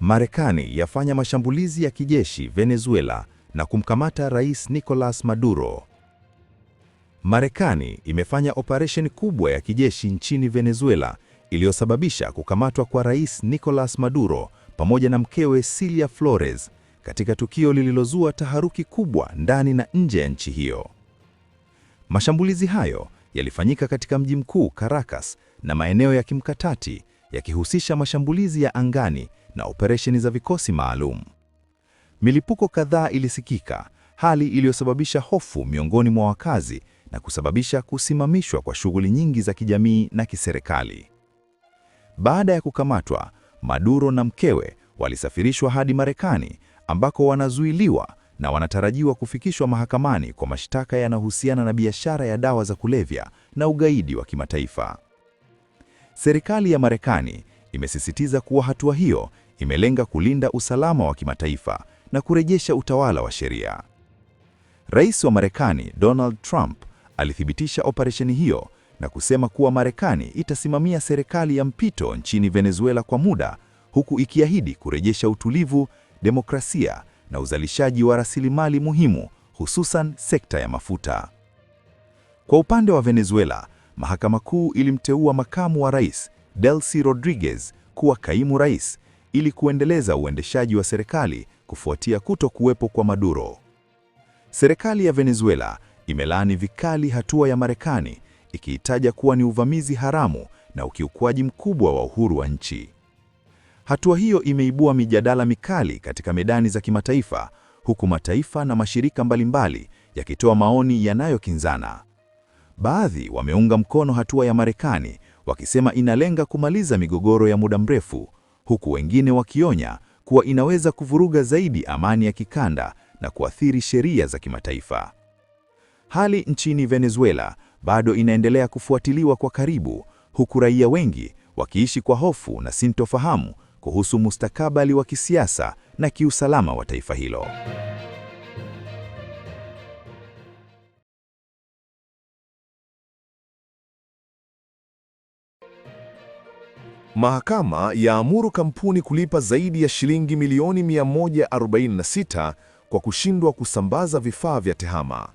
Marekani yafanya mashambulizi ya kijeshi Venezuela na kumkamata Rais Nicolas Maduro. Marekani imefanya operesheni kubwa ya kijeshi nchini Venezuela iliyosababisha kukamatwa kwa Rais Nicolas Maduro pamoja na mkewe Celia Flores katika tukio lililozua taharuki kubwa ndani na nje ya nchi hiyo. Mashambulizi hayo yalifanyika katika mji mkuu Caracas na maeneo ya kimkatati yakihusisha mashambulizi ya angani na operesheni za vikosi maalum. Milipuko kadhaa ilisikika, hali iliyosababisha hofu miongoni mwa wakazi na kusababisha kusimamishwa kwa shughuli nyingi za kijamii na kiserikali. Baada ya kukamatwa, Maduro na mkewe walisafirishwa hadi Marekani ambako wanazuiliwa na wanatarajiwa kufikishwa mahakamani kwa mashtaka yanayohusiana na biashara ya dawa za kulevya na ugaidi wa kimataifa. Serikali ya Marekani imesisitiza kuwa hatua hiyo imelenga kulinda usalama wa kimataifa na kurejesha utawala wa sheria. Rais wa Marekani Donald Trump alithibitisha operesheni hiyo na kusema kuwa Marekani itasimamia serikali ya mpito nchini Venezuela kwa muda huku ikiahidi kurejesha utulivu, demokrasia na uzalishaji wa rasilimali muhimu hususan sekta ya mafuta. Kwa upande wa Venezuela, Mahakama Kuu ilimteua makamu wa rais Delcy Rodriguez kuwa kaimu rais ili kuendeleza uendeshaji wa serikali kufuatia kuto kuwepo kwa Maduro. Serikali ya Venezuela imelaani vikali hatua ya Marekani ikiitaja kuwa ni uvamizi haramu na ukiukwaji mkubwa wa uhuru wa nchi. Hatua hiyo imeibua mijadala mikali katika medani za kimataifa, huku mataifa na mashirika mbalimbali yakitoa maoni yanayokinzana. Baadhi wameunga mkono hatua ya Marekani wakisema inalenga kumaliza migogoro ya muda mrefu, huku wengine wakionya kuwa inaweza kuvuruga zaidi amani ya kikanda na kuathiri sheria za kimataifa. Hali nchini Venezuela bado inaendelea kufuatiliwa kwa karibu, huku raia wengi wakiishi kwa hofu na sintofahamu kuhusu mustakabali wa kisiasa na kiusalama wa taifa hilo. Mahakama yaamuru kampuni kulipa zaidi ya shilingi milioni 146 kwa kushindwa kusambaza vifaa vya TEHAMA.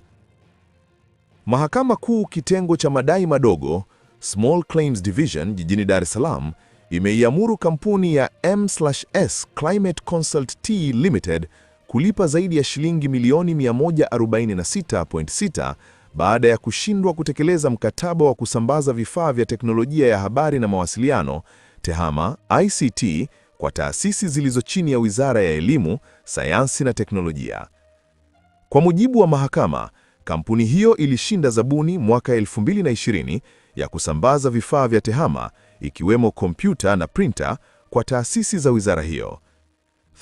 Mahakama Kuu kitengo cha madai madogo, Small Claims Division jijini Dar es Salaam imeiamuru kampuni ya M/S Climate Consult T Limited kulipa zaidi ya shilingi milioni 146.6 baada ya kushindwa kutekeleza mkataba wa kusambaza vifaa vya teknolojia ya habari na mawasiliano TEHAMA ICT kwa taasisi zilizo chini ya Wizara ya Elimu, Sayansi na Teknolojia. Kwa mujibu wa mahakama, kampuni hiyo ilishinda zabuni mwaka 2020 ya kusambaza vifaa vya TEHAMA ikiwemo kompyuta na printer kwa taasisi za wizara hiyo.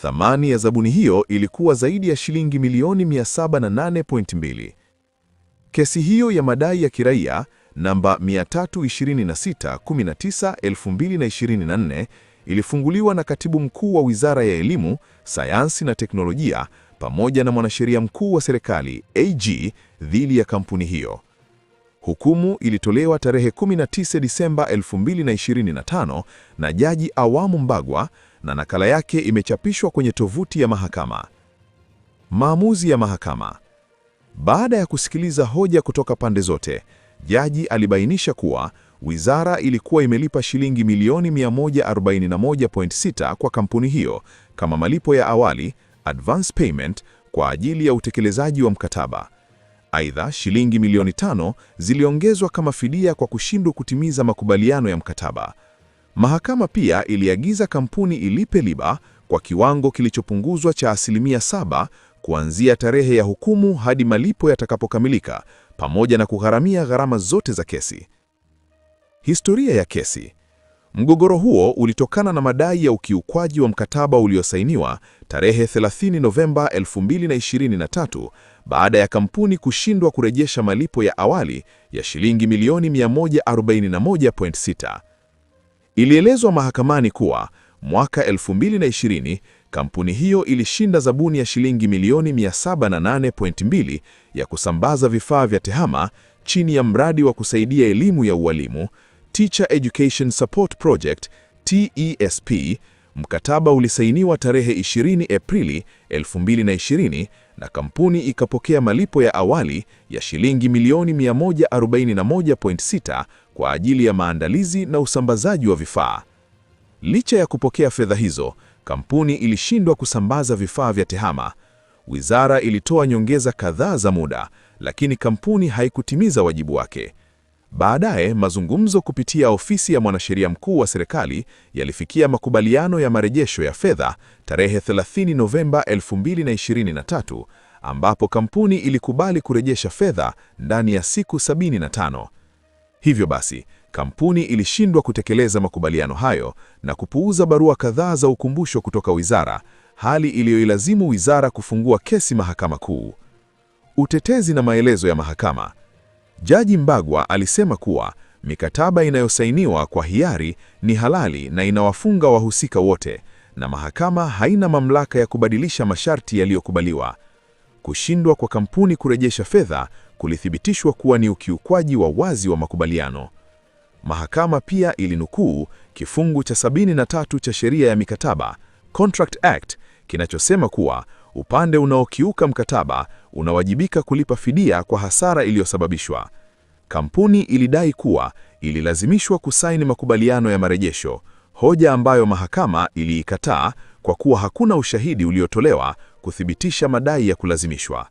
Thamani ya zabuni hiyo ilikuwa zaidi ya shilingi milioni 708.2. Kesi hiyo ya madai ya kiraia namba 326 2024 ilifunguliwa na Katibu Mkuu wa Wizara ya Elimu, Sayansi na Teknolojia pamoja na Mwanasheria Mkuu wa Serikali AG dhidi ya kampuni hiyo. Hukumu ilitolewa tarehe 19 Disemba 2025 na Jaji Awamu Mbagwa na nakala yake imechapishwa kwenye tovuti ya mahakama. Maamuzi ya mahakama. Baada ya kusikiliza hoja kutoka pande zote, jaji alibainisha kuwa wizara ilikuwa imelipa shilingi milioni 141.6 kwa kampuni hiyo kama malipo ya awali advance payment kwa ajili ya utekelezaji wa mkataba. Aidha, shilingi milioni tano ziliongezwa kama fidia kwa kushindwa kutimiza makubaliano ya mkataba. Mahakama pia iliagiza kampuni ilipe liba kwa kiwango kilichopunguzwa cha asilimia saba kuanzia tarehe ya hukumu hadi malipo yatakapokamilika pamoja na kugharamia gharama zote za kesi. Historia ya kesi. Mgogoro huo ulitokana na madai ya ukiukwaji wa mkataba uliosainiwa tarehe 30 Novemba 2023 baada ya kampuni kushindwa kurejesha malipo ya awali ya shilingi milioni 141.6. Ilielezwa mahakamani kuwa mwaka 2020 Kampuni hiyo ilishinda zabuni ya shilingi milioni 708.2 ya kusambaza vifaa vya TEHAMA chini ya mradi wa kusaidia elimu ya ualimu, Teacher Education Support Project, TESP. Mkataba ulisainiwa tarehe 20 Aprili 2020 na kampuni ikapokea malipo ya awali ya shilingi milioni 141.6 kwa ajili ya maandalizi na usambazaji wa vifaa. Licha ya kupokea fedha hizo, kampuni ilishindwa kusambaza vifaa vya TEHAMA. Wizara ilitoa nyongeza kadhaa za muda, lakini kampuni haikutimiza wajibu wake. Baadaye mazungumzo kupitia ofisi ya mwanasheria mkuu wa serikali yalifikia makubaliano ya marejesho ya fedha tarehe 30 Novemba 2023, ambapo kampuni ilikubali kurejesha fedha ndani ya siku 75. Hivyo basi Kampuni ilishindwa kutekeleza makubaliano hayo na kupuuza barua kadhaa za ukumbusho kutoka wizara, hali iliyoilazimu wizara kufungua kesi Mahakama Kuu. Utetezi na maelezo ya mahakama. Jaji Mbagwa alisema kuwa mikataba inayosainiwa kwa hiari ni halali na inawafunga wahusika wote, na mahakama haina mamlaka ya kubadilisha masharti yaliyokubaliwa. Kushindwa kwa kampuni kurejesha fedha kulithibitishwa kuwa ni ukiukwaji wa wazi wa makubaliano. Mahakama pia ilinukuu kifungu cha 73 cha sheria ya mikataba Contract Act kinachosema kuwa upande unaokiuka mkataba unawajibika kulipa fidia kwa hasara iliyosababishwa. Kampuni ilidai kuwa ililazimishwa kusaini makubaliano ya marejesho, hoja ambayo mahakama iliikataa kwa kuwa hakuna ushahidi uliotolewa kuthibitisha madai ya kulazimishwa.